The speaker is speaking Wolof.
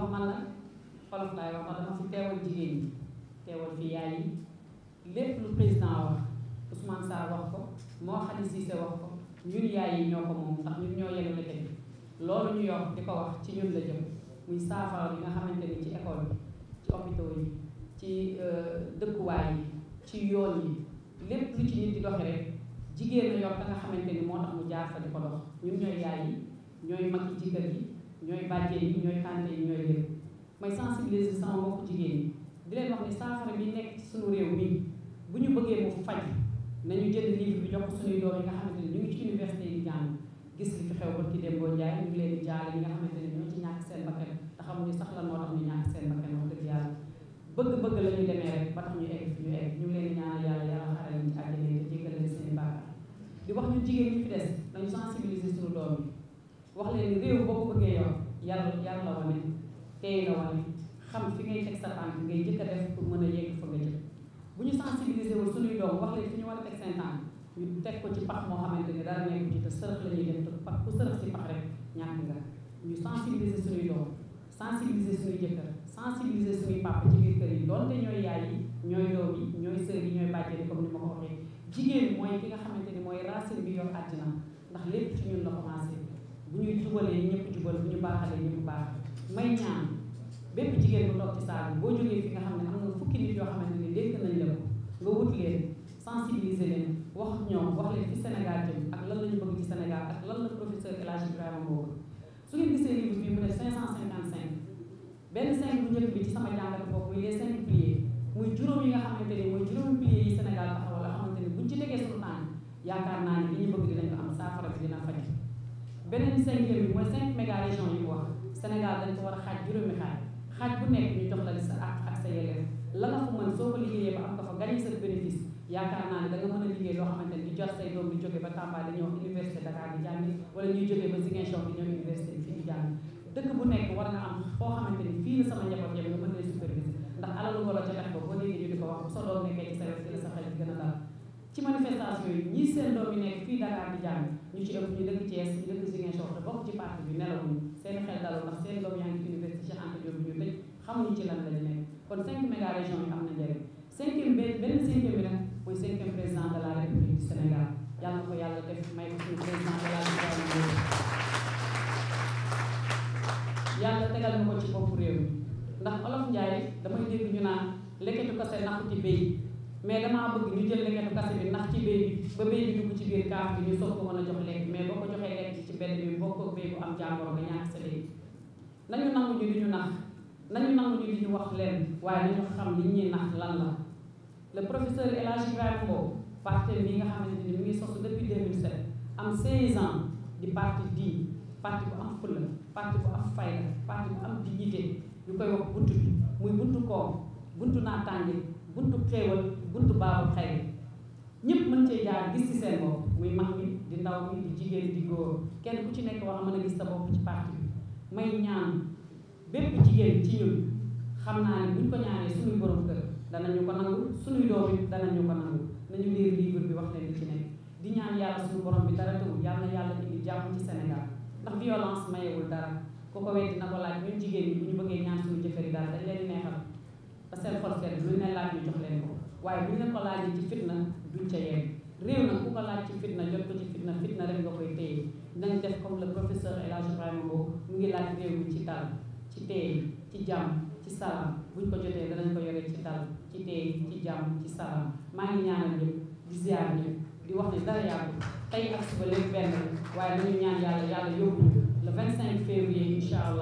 wax man na xolof laay wax man dama fi teewal jigéen ñi teewal fi yaay yi lépp lu président wax Ousmane Sarr wax ko moo Khady Cissé wax ko ñun yaay yi ñoo ko moom ndax ñun ñoo yenu la jëm loolu ñu yor di ko wax ci ñun la jëm muy saafara yi nga xamante ni ci école bi ci hôpitaux yi ci euh, dëkkuwaay yi ci yoon yi lépp lu ci nit di doxe rek jigéen la yor ka nga xamante ni moo tax mu jaar fa di ko dox ñun ñooy yaay yi ñooy mag yi yi ñooy bàjjee yi ñooy tànte yi ñooy lépp may sensibiliser sama mbokk jigéen ñi di leen wax ne saafara bi nekk ci suñu réew mi bu ñu bëggee mu faj nañu jël livre bi jox ko suñuy doom yi nga xam ne ñu ngi ci université yi jàng gis li xew ba ci Demba Ndiaye ñu ngi leen di jaale ñi nga xamante ne ñoo ci ñàkk seen bakkan te xamuñu sax lan moo tax ñu ñàkk seen bakkan wax dëgg yàlla bëgg-bëgg la ñu demee rek ba tax ñu egg fi ñu egg ñu leen di ñaanal yàlla yàlla xaral ñu ci àjjana te jéggal seen bàkkaar di wax ñu jigéen yàlla yàlla wane tey la wane xam fi ngay teg sa tànk ngay njëkk a def pour mën a yegg fa nga jëm bu ñu sensibiliser woon suñuy doom wax leen fi ñu war a teg seen tànk ñu teg ko ci pax moo xamante ne dara nekk ci te sërëx la ñuy ku sërëx si pax rek ñàkk nga ñu sensibiliser suñuy doom sensibiliser suñuy jëkkër sensibiliser suñuy papa ci biir kër yi doonte ñooy yaay yi ñooy doom yi ñooy sër yi ñooy bàjjee comme ni ma ko waxee jigéen mooy nga xamante ni mooy racine bi yor àddina ndax lépp ci ñun jubal bu ñu baaxalee ñu baax may ñaan bépp jigéen bu toog ci saal bi boo jógee fi nga xam ne am na fukki nit yoo xam ne dénk nañ la ko nga wut leen sensibiliser leen la ñu bëgg ci Sénégal la professeur El Hadj su ngeen gisee livre bi mu ne 555 benn cinq bu njëkk ci sama jàngat nga xamante ne mooy juróomi piliers yi Sénégal taxawal la xamante ne buñ ci tegee suñu naan yaakaar naa ne li ñu bëgg dinañ ko am saafara bi dina faj beneen cinquième bi mooy cinq méga régions yi mu wax Sénégal dañ ko war a xaaj juróomi xaaj xaaj bu nekk ñu jox la sa àq ak sa yelleef la nga fa mën soo ko liggéeyee ba am ko fa gagné sa bénéfice yaakaar naa ne da nga mën a liggéey loo xamante ne di jot say doom di jóge ba Tamba di ñëw université Dakar di jàngi wala ñuy jógee ba Ziguinchor di ñëw université bi fii di jàngi dëkk bu nekk war nga am foo xamante ni fii la sama njaboot yam nga mën na superviser ndax alalu ko la joxe ko ci manifestation yi ñii seen doom yi nekk fii Dakar di jàng ñu ci ëpp ñu dëkk Thiès ñu dëkk Ziguinchor te bokk ci parti bi nelawuñu seen xel dalul ndax seen doom yaa ngi ci université Cheikh Anta Diop ñu tëj xamuñu ci lan lañu nekk kon cinq méga régions yi am na njëriñ cinquième benn benn cinquième bi nag mooy cinquième président de la République du Sénégal yàlla na ko yàlla def may ko suñu président de la République yàlla tegal na ko ci bopp réew mi ndax Olof Ndiaye damay dégg ñu naan lekketu kase naxu ci béy mais damaa bëgg ñu jël leketu kase bi ndax ci béy bi ba béy bi ci biir kaaf bi ñu soog ko mën a jox lekk mais boo ko joxee lekk ci benn bi boo ko béy bu am jàngoro nga ñàkk sa léegi nañu nangu ñu di ñu nax nañu nangu ñu ñu wax leen waaye nañu xam li ñuy nax lan la le professeur El Hadj Ibrahima Mbow parti bi nga xamante ni mu ngi sosu depuis 2007 am 16 ans di parti di parti bu am fulla parti bu am fayda parti bu am dignité ñu koy wax buntu bi muy buntu koom buntu naataange buntu buntu baabu xëy ñëpp mën cee jaar gis ci seen bopp muy mag bi di ndaw bi di jigéen di góor kenn ku ci nekk wax mën a gis sa bopp ci parti bi may ñaan bépp jigéen ci ñun xam naa ni buñ ko ñaanee suñuy borom kër danañu ko nangu suñuy doom it danañu ko nangu nañu liir livre bi wax ne li ci nekk di ñaan yàlla suñu borom bi dara tawul yàlla na yàlla indi jàmm ci Sénégal ndax violence mayewul dara ku ko weddi na ko laaj ñun jigéen ñi bu ñu bëggee ñaan suñu jëkkër yi daal waaye bu ñu la ko laajee ci fitna duñ ca yegg réew na ku ko laaj ci fitna jot ko ci fitna fitna rek nga koy téye nañ def comme le professeur El Hadj Ibrahima Mbow mu ngi ci dal ci ci jàmm ci salaam buñ ko jotee danañ ko yoree ci ci téye ci jàmm ci salaam di ziar ñëpp di wax ne dara yàggu tey ak suba lépp benn waaye dañu ñaan yàlla yàlla yóbbu le 25 février ñu jiital